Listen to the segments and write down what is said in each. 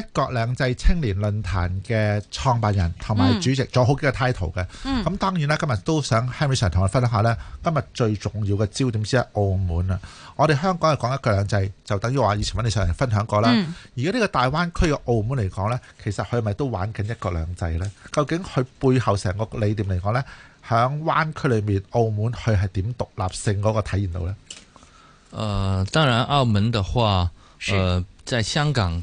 一國兩制青年論壇嘅創辦人同埋主席，嗯、做好幾個 title 嘅，咁、嗯、當然啦，今日都想 Henry 上同我分享下咧，今日最重要嘅焦點先喺澳門啦。我哋香港係講一國兩制，就等於話以前你上嚟分享過啦。嗯、而家呢個大灣區嘅澳門嚟講呢，其實佢咪都玩緊一國兩制呢？究竟佢背後成個理念嚟講呢？響灣區裏面澳門佢係點獨立性嗰個體現到呢？誒，當然澳門嘅話，誒是、呃，在香港。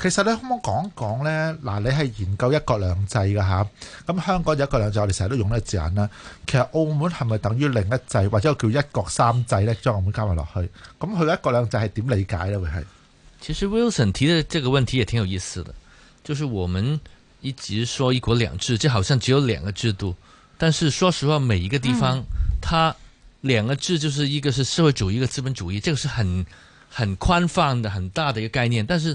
其實你可唔可以講講咧？嗱，你係研究一國兩制嘅吓，咁香港有一國兩制我哋成日都用呢個字眼啦。其實澳門係咪等於另一制，或者叫一國三制咧？將澳門加埋落去，咁佢一國兩制係點理解咧？會係其實 Wilson 提的這個問題也挺有意思的，就是我們一直說一國兩制，就好像只有兩個制度，但是說實話，每一個地方，嗯、它兩個制就是一個是社會主義，一個資本主義，這個是很很寬泛的、很大的一個概念，但是。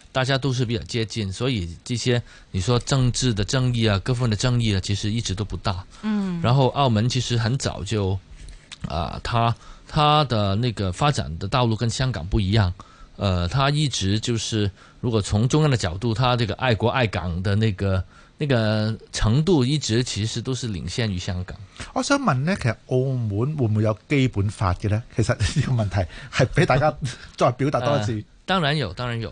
大家都是比較接近，所以這些你說政治的爭議啊，各方的爭議啊，其實一直都不大。嗯。然後澳門其實很早就，啊、呃，它它的那個發展的道路跟香港不一樣。呃，它一直就是，如果從中央的角度，它這個愛國愛港的那個那個程度，一直其實都是領先於香港。我想問呢，其實澳門會唔會有基本法嘅呢？其實呢個問題係俾大家 再表達多一次、呃。當然有，當然有。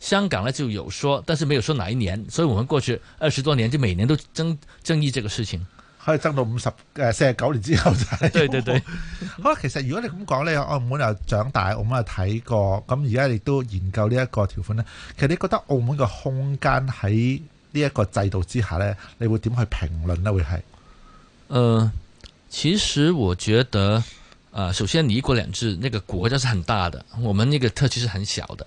香港呢就有說，但是沒有說哪一年，所以我們過去二十多年就每年都爭爭議這個事情，可以爭到五十誒四十九年之後就。對對對，好啦，其實如果你咁講呢，澳門又長大，澳門又睇過，咁而家你都研究呢一個條款呢。其實你覺得澳門個空間喺呢一個制度之下呢，你會點去評論呢？會係？誒，其實我覺得，呃、首先，你一國兩制，那個國家是很大的，我們那個特區是很小的。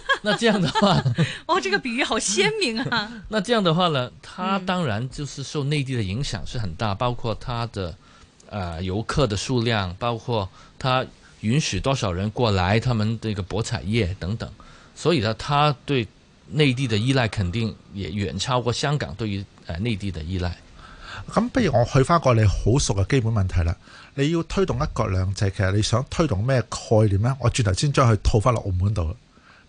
那這樣的話，哦，這個比喻好鮮明啊！ 那這樣的話呢，它當然就是受內地的影響是很大，嗯、包括它的，呃、遊客的數量，包括它允許多少人過來，他們這個博彩業等等，所以呢，它對內地的依賴肯定也遠超過香港對於內地的依賴。咁不如我去翻個你好熟嘅基本問題啦，你要推動一國兩制，其實你想推動咩概念呢？我轉頭先將佢套翻落澳門度。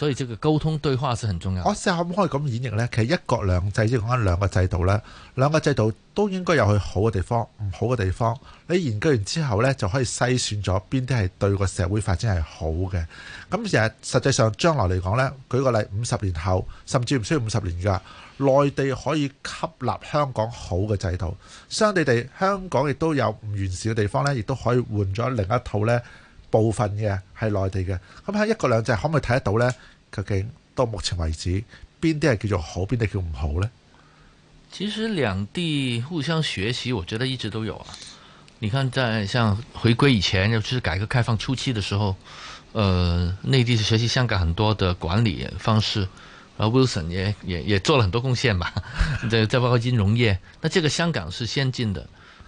所以，這個溝通對話是很重要。我試下可唔可以咁演繹呢？其實一國兩制即係講緊兩個制度呢，兩個制度都應該有佢好嘅地方、唔好嘅地方。你研究完之後呢，就可以篩選咗邊啲係對個社會發展係好嘅。咁其實實際上將來嚟講呢，舉個例，五十年後甚至唔需要五十年㗎，內地可以吸納香港好嘅制度，相對地，香港亦都有唔完善嘅地方呢，亦都可以換咗另一套呢。部分嘅係內地嘅，咁喺一國兩制可唔可以睇得到呢？究竟到目前為止，邊啲係叫做好，邊啲叫唔好呢？其實兩地互相學習，我覺得一直都有啊。你看，在像回歸以前，尤其是改革開放初期嘅時候，呃，內地是學習香港很多的管理方式，而 Wilson 也也也做了很多貢獻嘛，再再 包括金融業，那這個香港是先進的。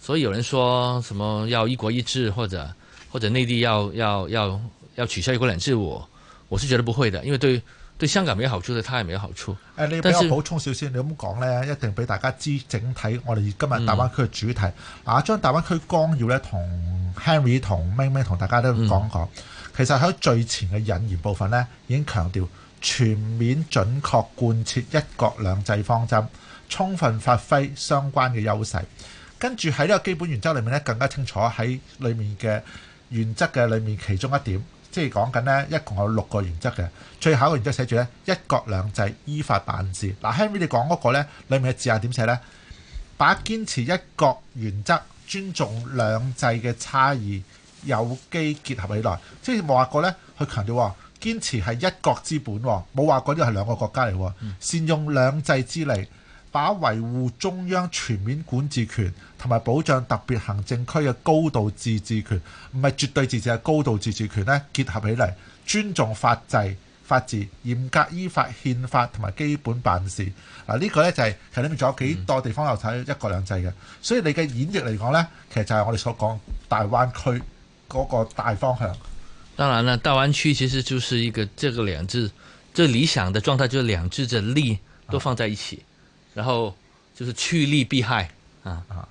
所以有人說什麼要一國一制，或者或者內地要要要要取消一國兩制。我我是覺得不會的，因為對對香港沒有好處的，對他也沒有好處。誒、呃，你俾我補充少少先，是你咁講咧，一定俾大家知整體我哋今日大灣區嘅主題。嗯、啊，將大灣區綱要咧，同 Henry 同 Ming Ming 同大家都講一講。嗯、其實喺最前嘅引言部分咧，已經強調全面準確貫徹一國兩制方針，充分發揮相關嘅優勢。跟住喺呢個基本原則裏面咧，更加清楚喺裏面嘅原則嘅裏面其中一點，即係講緊咧，一共有六個原則嘅。最後一個原則寫住咧，一國兩制，依法辦事。嗱，Henry 你講嗰個咧，裏面嘅字眼點寫咧？把堅持一國原則、尊重兩制嘅差異、有機結合起來，即係冇話過咧，佢強調堅持係一國之本，冇話過啲係兩個國家嚟，嗯、善用兩制之利。把維護中央全面管治權同埋保障特別行政區嘅高度自治權，唔係絕對自治，係高度自治權咧結合起嚟，尊重法制、法治，嚴格依法憲法同埋基本辦事。嗱、啊這個、呢個咧就係、是、其實裏面仲有幾多地方留睇一國兩制嘅，嗯、所以你嘅演繹嚟講咧，其實就係我哋所講大灣區嗰個大方向。當然啦，大灣區其實就是一個這個兩制最理想嘅狀態，就係兩制嘅利都放在一起。啊然後就是趨利避害啊啊！啊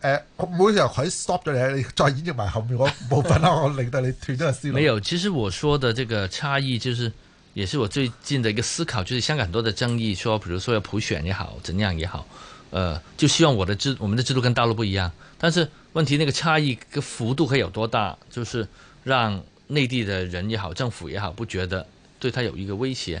呃、我每次都可以 stop 咗你，你再演繹埋後面嗰部分啦， 我令到你斷咗思路。沒有，其實我說的這個差異，就是也是我最近的一個思考，就是香港很多的爭議，說，比如說要普選也好，怎樣也好，呃，就希望我的制，我們的制度跟大陸不一樣。但是問題，那個差異個幅度會有多大？就是讓內地的人也好，政府也好，不覺得對他有一個威脅。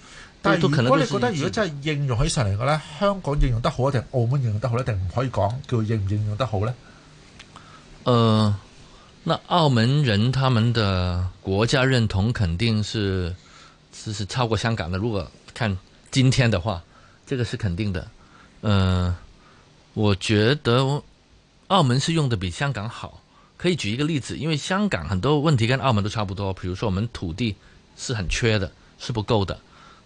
但係如果你覺得如果真係應用起上嚟嘅咧，香港應用得好定係澳門應用得好定係唔可以講叫應唔應用得好呢、呃、那澳門人他們的國家認同肯定是，是，是超過香港的。如果看今天的話，這個，是肯定的。嗯、呃，我覺得澳門是用的比香港好。可以舉一個例子，因為香港很多問題跟澳門都差不多。比如說我們土地是很缺的，是不夠的。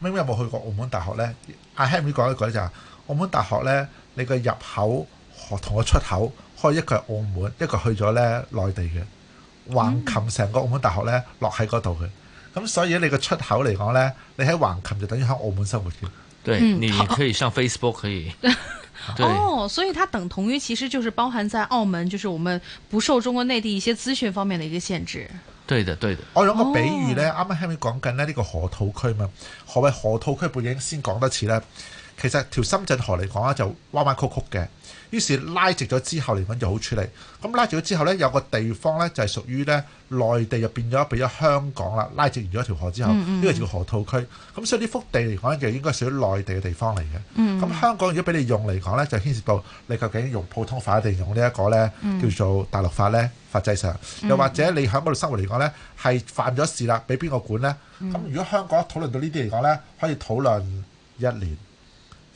咩有冇去過澳門大學呢？阿 Henry 講一句就係澳門大學呢。你個入口同個出口，開一個係澳門，一個去咗呢內地嘅橫琴，成個澳門大學呢，落喺嗰度嘅。咁所以你個出口嚟講呢，你喺橫琴就等於喺澳門生活住。對，你可以上 Facebook 可以。哦 對，oh, 所以它等同於，其實就是包含在澳門，就是我們不受中國內地一些資訊方面的一個限制。對的對的，對的，我用個比喻咧，啱啱喺咪講緊咧呢個河套區嘛，何謂河套區背景先講得切咧？其實條深圳河嚟講咧，就彎彎曲曲嘅。於是拉直咗之後嚟講就好處理。咁拉直咗之後呢，有個地方呢，就係屬於咧內地，就變咗俾咗香港啦。拉直完咗條河之後，呢個叫河套區。咁所以呢幅地嚟講就應該屬於內地嘅地方嚟嘅。咁香港如果俾你用嚟講呢，就牽涉到你究竟用普通法定用呢一個呢，叫做大陸法呢，法制上，又或者你喺嗰度生活嚟講呢，係犯咗事啦，俾邊個管呢？咁、嗯嗯、如果香港討論到呢啲嚟講呢，可以討論一年。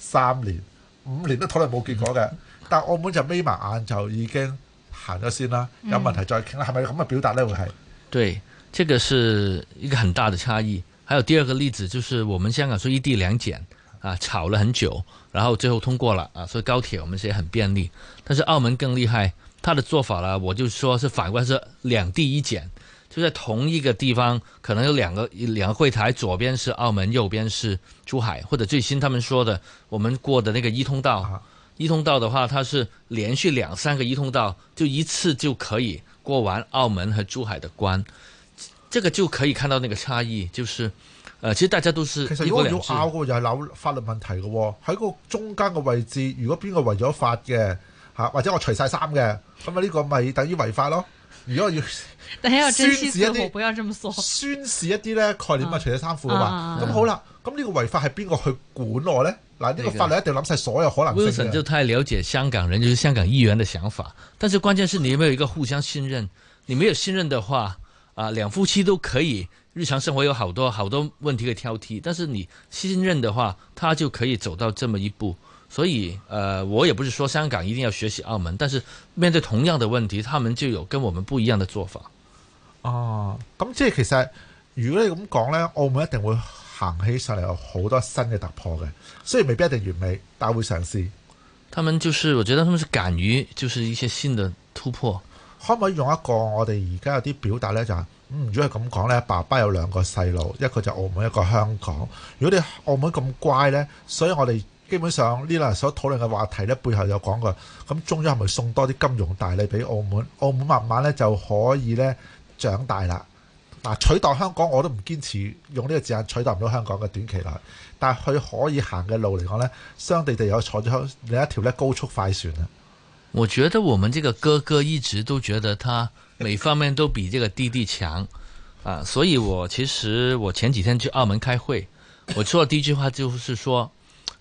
三年五年都討論冇結果嘅，但澳門就眯埋眼就已經行咗先啦。有問題再傾啦，係咪咁嘅表達呢？會係、嗯、對，這個是一個很大的差異。還有第二個例子，就是我們香港說一地兩檢，啊，吵了很久，然後最後通過了啊，所以高鐵我們是也很便利。但是澳門更厲害，他的做法呢，我就說是反過嚟，是兩地一檢。就在同一個地方，可能有兩個兩個櫃台，左邊是澳門，右邊是珠海，或者最新他們說的，我們過的那個一通道，啊、一通道的話，它是連續兩三個一通道，就一次就可以過完澳門和珠海的關，這個就可以看到那個差異，就是，呃、其實大家都是。其實如果你要拗嘅就係鬧法律問題嘅喎，哦，喺個中間嘅位置，如果邊個違咗法嘅，吓、啊、或者我除晒衫嘅，咁啊呢個咪等於違法咯。如果要宣示一啲，不要這麼說。宣示一啲咧概念嘛，啊、除咗衫褲啊嘛。咁好啦，咁呢、啊、個違法係邊個去管我咧？嗱，呢個法律一定諗晒所有可能的的。Wilson 就太了解香港人，就是香港議員的想法。但是關鍵是你有沒有一個互相信任？你沒有信任的話，啊，兩夫妻都可以日常生活有好多好多問題可以挑剔。但是你信任的話，他就可以走到這麼一步。所以，呃，我也不是說香港一定要學習澳門，但是面對同樣的問題，他們就有跟我們不一樣的做法。哦，咁即係其實如果你咁講咧，澳門一定會行起上嚟有好多新嘅突破嘅，雖然未必一定完美，但係會嘗試。他們就是，我覺得他們是敢於就是一些新的突破。可唔可以用一個我哋而家有啲表達咧就是，嗯，如果係咁講咧，爸爸有兩個細路，一個就澳門，一個香港。如果你澳門咁乖咧，所以我哋。基本上呢輪所討論嘅話題呢，背後有講過，咁中央係咪送多啲金融大禮俾澳門？澳門慢慢呢就可以呢長大啦。嗱、啊，取代香港我都唔堅持用呢個字眼，取代唔到香港嘅，短期內，但係佢可以行嘅路嚟講呢，相對地有坐咗另一條呢高速快船啊。我覺得我們這個哥哥一直都覺得他每方面都比這個弟弟強啊， 所以我其實我前幾天去澳門開會，我說的第一句話就是說。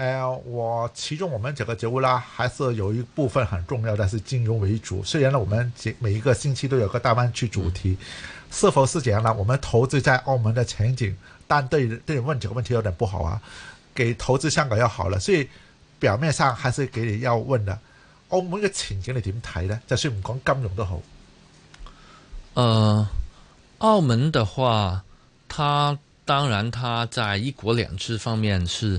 誒、哎，我其中我們整個節目啦，還是有一部分很重要，的是金融為主。雖然呢，我們每一個星期都有個大灣區主題，嗯、是否是這樣呢？我們投資在澳門的前景，但對對問這個問題有點不好啊，給投資香港要好了。所以表面上還是給你要問的澳門的前景你點睇呢？就是我們講金融都好，嗯、呃，澳門的話，它當然它在一國兩制方面是。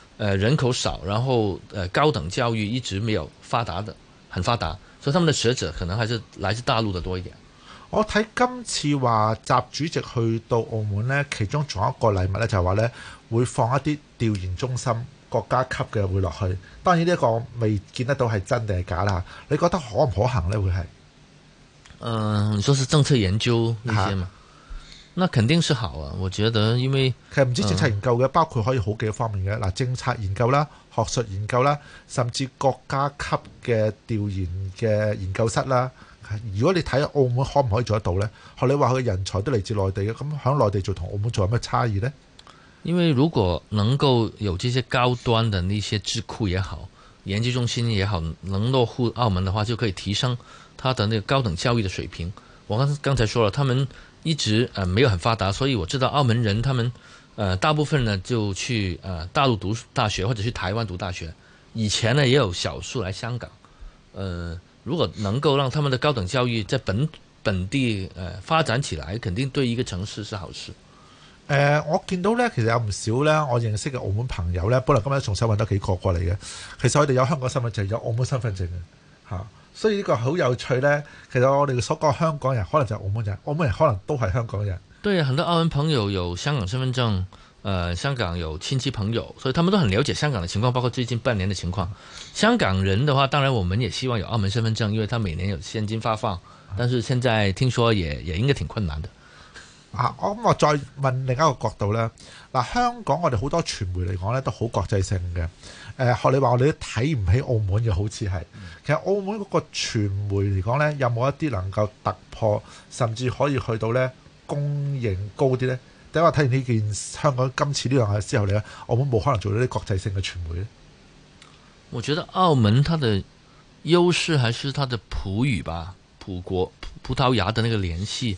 誒，人口少，然後誒，高等教育一直沒有發達的，很發達，所以他們的學者可能還是來自大陸的多一點。我睇今次話習主席去到澳門呢，其中仲有一個禮物咧，就係話呢會放一啲調研中心國家級嘅會落去。當然呢個未見得到係真定係假啦。你覺得可唔可行呢？會係？嗯、呃，你說是政策研究那些嘛？啊那肯定是好啊，我覺得，因為其實唔止政策研究嘅，嗯、包括可以好幾個方面嘅嗱，政策研究啦、學術研究啦，甚至國家級嘅調研嘅研究室啦。如果你睇下澳門可唔可以做得到咧？學你話佢人才都嚟自內地嘅，咁響內地做同澳門做有咩差異咧？因為如果能夠有這些高端的呢些智庫也好、研究中心也好，能落戶澳門嘅話，就可以提升他的那個高等教育嘅水平。我剛才剛才說了，他們。一直呃沒有很發達，所以我知道澳門人他們，呃大部分呢就去呃大陸讀大學或者去台灣讀大學，以前呢也有少數來香港，呃如果能夠讓他們的高等教育在本本地呃發展起來，肯定對一個城市是好事。誒、呃，我見到咧，其實有唔少咧，我認識嘅澳門朋友咧，本來今日從新揾得幾個過嚟嘅，其實我哋有香港身份證，有澳門身份證嘅，吓。所以呢個好有趣呢。其實我哋所講香港人可能就係澳門人，澳門人可能都係香港人。對，很多澳門朋友有香港身份證，誒、呃，香港有親戚朋友，所以他們都很了解香港嘅情況，包括最近半年嘅情況。香港人嘅話，當然我們也希望有澳門身份證，因為佢每年有現金發放，但是現在聽說也也應該挺困難的。啊！我咁我再問另一個角度咧，嗱、啊、香港我哋好多傳媒嚟講咧都好國際性嘅。誒、呃、學你話我哋都睇唔起澳門嘅，好似係。其實澳門嗰個傳媒嚟講咧，有冇一啲能夠突破，甚至可以去到咧公認高啲咧？第一話睇完呢件香港今次呢樣嘢之後咧，澳門冇可能做到啲國際性嘅傳媒咧。我覺得澳門它的優勢還是它的葡語吧，葡國葡萄牙的那個聯繫。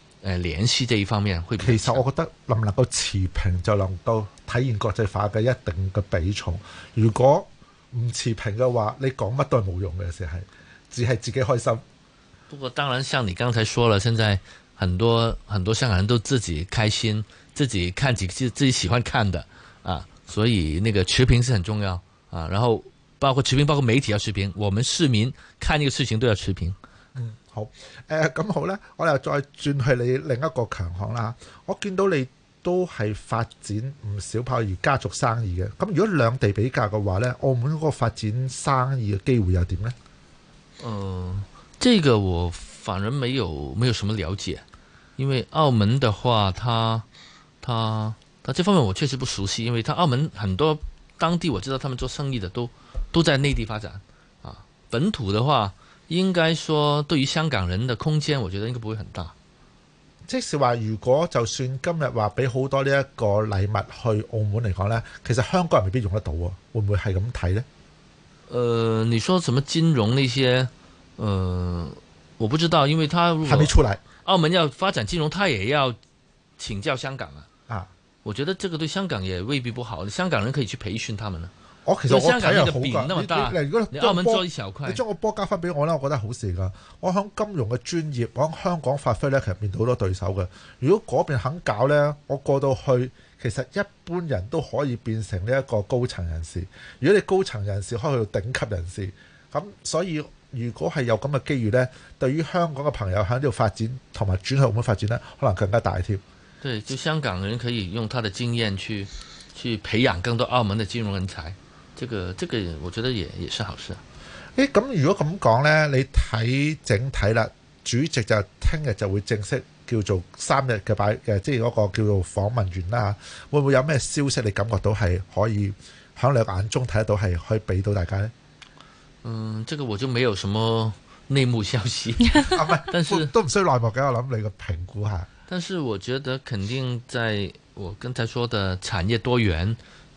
誒，聯繫這一方面會比較，其實我覺得能唔能夠持平就能夠體現國際化嘅一定嘅比重。如果唔持平嘅話，你講乜都係冇用嘅，只係只係自己開心。不過當然，像你剛才說了，現在很多很多香港人都自己開心，自己看幾自，自己喜歡看的啊，所以那個持平是很重要啊。然後包括持平，包括媒體要持平，我們市民看呢個事情都要持平。好，誒、呃、咁好咧，我又再轉去你另一個強項啦。我見到你都係發展唔少跑而家族生意嘅。咁如果兩地比較嘅話咧，澳門嗰個發展生意嘅機會又點咧？嗯、呃，這個我反而沒有沒有什麼了解，因為澳門的話，他他他這方面我確實不熟悉，因為他澳門很多當地我知道，他們做生意的都都在內地發展啊，本土的話。應該說，對於香港人的空間，我覺得應該不會很大。即是話，如果就算今日話俾好多呢一個禮物去澳門嚟講呢，其實香港人未必用得到啊，會唔會係咁睇呢？呃，你說什麼金融那些？呃，我不知道，因為他還沒出來。澳門要發展金融，他也要請教香港啊。啊，啊我覺得這個對香港也未必不好，香港人可以去培訓他們呢，啊。我其實我睇係好噶，你你如果將個波，你將個波交翻俾我啦，我覺得好事噶。我喺金融嘅專業我喺香港發揮咧，其實變到好多對手嘅。如果嗰邊肯搞咧，我過到去其實一般人都可以變成呢一個高層人士。如果你高層人士可以去到頂級人士，咁所以如果係有咁嘅機遇咧，對於香港嘅朋友喺呢度發展同埋轉向澳門發展咧，可能更加大添。對，就香港人可以用他嘅經驗去去培養更多澳門嘅金融人才。這個，這個我覺得也也是好事。誒，咁如果咁講呢，你睇整體啦，主席就聽日就會正式叫做三日嘅擺嘅，即係嗰個叫做訪問完啦吓，會唔會有咩消息？你感覺到係可以喺你眼中睇得到，係可以俾到大家呢？嗯，這個我就沒有什麼內幕消息， 但是都唔需要內幕嘅，我諗你嘅評估下。但是我覺得肯定在我剛才說的產業多元。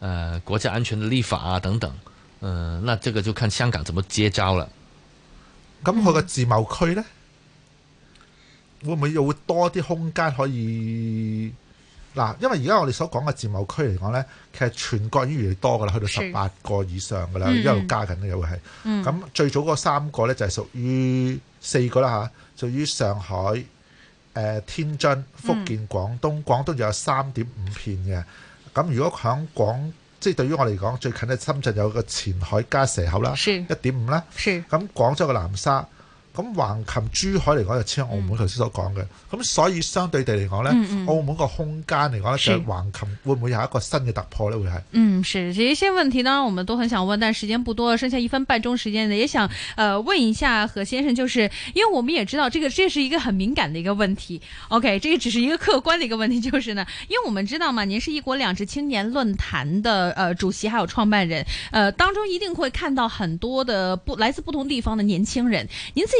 誒、呃，國家安全的立法啊，等等，嗯、呃，那這個就看香港怎麼接招啦。咁佢個自貿區呢，會唔會又會多啲空間可以？嗱、啊，因為而家我哋所講嘅自貿區嚟講呢，其實全國已經越嚟越多噶啦，去到十八個以上噶啦，是一路加緊咧，又會係。咁最早嗰三個呢，就係屬於四個啦吓，屬、啊、於上海、誒、呃、天津、福建、廣東，廣東就有三點五片嘅。咁如果喺廣即係對於我嚟講最近咧，深圳有個前海加蛇口啦，一點五啦，咁廣州嘅南沙。咁橫琴珠海嚟講，就似澳門頭先所講嘅、嗯，咁所以相對地嚟講呢，嗯嗯、澳門個空間嚟講呢就橫琴會唔會有一個新嘅突破呢？會係嗯是，這一些問題當然我們都很想問，但時間不多，剩下一分半鐘時間呢，也想呃問一下何先生，就是因為我們也知道這個這是一個很敏感嘅一個問題。OK，這個只是一個客觀嘅一個問題，就是呢，因為我們知道嘛，您是一國兩制青年論壇的呃主席，還有創辦人，呃當中一定會看到很多的不來自不同地方的年輕人，您自